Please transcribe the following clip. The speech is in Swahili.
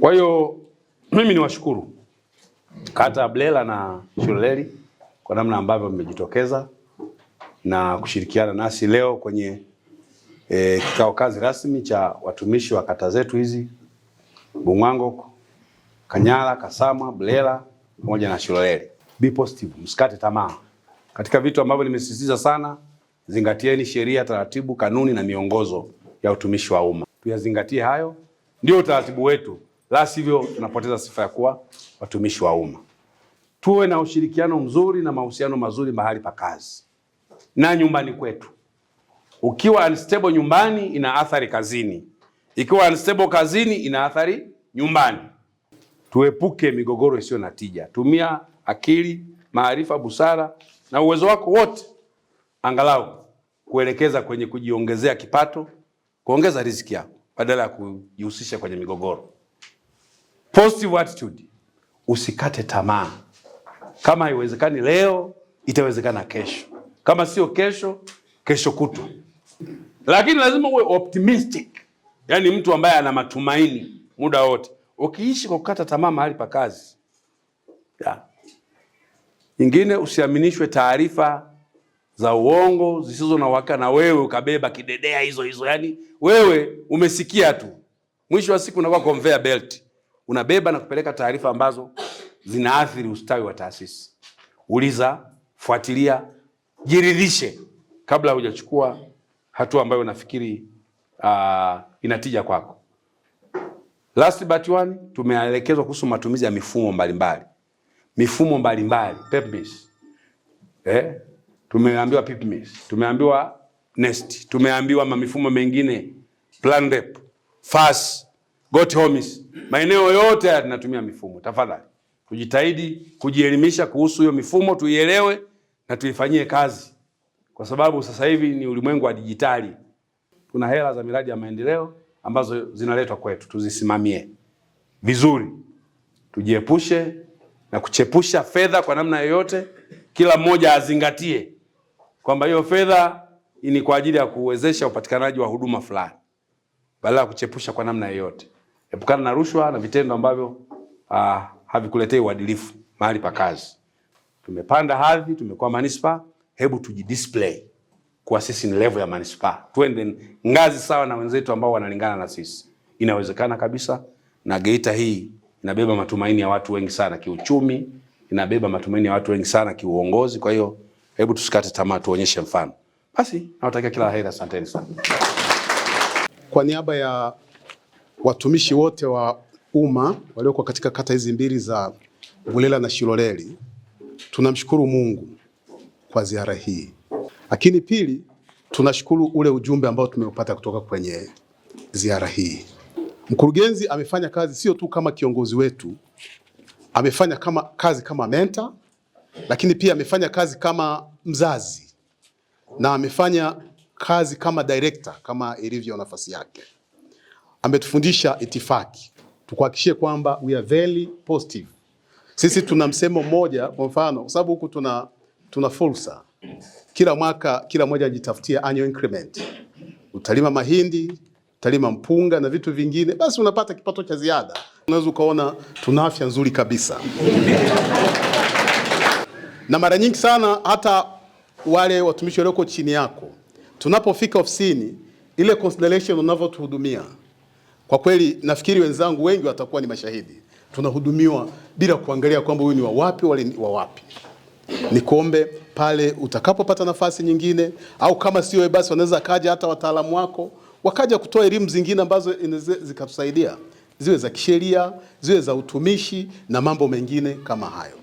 Kwa hiyo mimi niwashukuru kata Blela na Shuleli kwa namna ambavyo mmejitokeza na kushirikiana nasi leo kwenye e, kikao kazi rasmi cha watumishi wa kata zetu hizi Bung'wango, Kanyala, Kasama, blela pamoja na Shuleli. Be positive, msikate tamaa katika vitu ambavyo nimesisitiza sana. Zingatieni sheria, taratibu, kanuni na miongozo ya utumishi wa umma, tuyazingatie hayo. Ndio utaratibu wetu, la sivyo tunapoteza sifa ya kuwa watumishi wa umma. Tuwe na ushirikiano mzuri na mahusiano mazuri mahali pa kazi na nyumbani kwetu. Ukiwa unstable nyumbani, ina athari kazini. Ikiwa unstable kazini, ina athari nyumbani. Tuepuke migogoro isiyo na tija. Tumia akili, maarifa, busara na uwezo wako wote, angalau kuelekeza kwenye kujiongezea kipato, kuongeza riziki yako badala ya kujihusisha kwenye migogoro. Positive attitude, usikate tamaa. Kama haiwezekani leo, itawezekana kesho, kama sio kesho, kesho kutwa. Lakini lazima uwe optimistic, yaani mtu ambaye ana matumaini muda wote. Ukiishi kwa kukata tamaa mahali pa kazi, ingine usiaminishwe taarifa za uongo zisizo na uhakika, na wewe ukabeba kidedea hizo hizo. Yani wewe umesikia tu, mwisho wa siku unakuwa conveyor belt, unabeba na kupeleka taarifa ambazo zinaathiri ustawi wa taasisi. Uliza, fuatilia, jiridhishe kabla hujachukua hatua ambayo unafikiri uh, ah, inatija kwako. Last but one, tumeelekezwa kuhusu matumizi ya mifumo mbalimbali mbali. Mifumo mbalimbali mbali. Eh? tumeambiwa PPMS, tumeambiwa Nest, tumeambiwa mifumo mengine Planrep, FAS, GOTHOMIS, Maeneo yote haya tunatumia mifumo. Tafadhali tujitahidi kujielimisha kuhusu hiyo mifumo, tuielewe na tuifanyie kazi, kwa sababu sasa hivi ni ulimwengu wa dijitali. Kuna hela za miradi ya maendeleo ambazo zinaletwa kwetu, tuzisimamie vizuri, tujiepushe na kuchepusha fedha kwa namna yoyote. Kila mmoja azingatie kwamba hiyo fedha ni kwa ajili ya kuwezesha upatikanaji wa huduma fulani badala ya kuchepusha kwa namna yoyote. Epukana na rushwa na vitendo ambavyo ah, havikuletei uadilifu mahali pa kazi. Tumepanda hadhi, tumekuwa manispa, hebu tujidisplay kwa sisi ni level ya manispa, twende ngazi sawa na wenzetu ambao wanalingana na sisi. Inawezekana kabisa, na Geita hii inabeba matumaini ya watu wengi sana kiuchumi, inabeba matumaini ya watu wengi sana kiuongozi, kwa hiyo Hebu tusikate tamaa, tuonyeshe mfano. Basi nawatakia kila heri, asanteni sana. Kwa niaba ya watumishi wote wa umma walioko katika kata hizi mbili za Bulela na Shiloleli, tunamshukuru Mungu kwa ziara hii, lakini pili tunashukuru ule ujumbe ambao tumeupata kutoka kwenye ziara hii. Mkurugenzi amefanya kazi sio tu kama kiongozi wetu, amefanya kama kazi kama mentor, lakini pia amefanya kazi kama mzazi na amefanya kazi kama director kama ilivyo nafasi yake. Ametufundisha itifaki, tukuhakikishie kwamba we are very positive. Sisi tuna msemo mmoja, kwa mfano, kwa sababu huku tuna tuna fursa kila mwaka, kila mmoja ajitafutie annual increment. Utalima mahindi, utalima mpunga na vitu vingine, basi unapata kipato cha ziada, unaweza ukaona tuna afya nzuri kabisa na mara nyingi sana hata wale watumishi walioko chini yako, tunapofika ofisini, ile consideration unavyotuhudumia, kwa kweli nafikiri wenzangu wengi watakuwa ni mashahidi, tunahudumiwa bila kuangalia kwamba huyu ni wa wapi wale ni wa wapi. Nikuombe pale utakapopata nafasi nyingine, au kama sio basi, wanaweza kaja hata wataalamu wako wakaja kutoa elimu zingine ambazo zikatusaidia, ziwe za kisheria, ziwe za utumishi na mambo mengine kama hayo.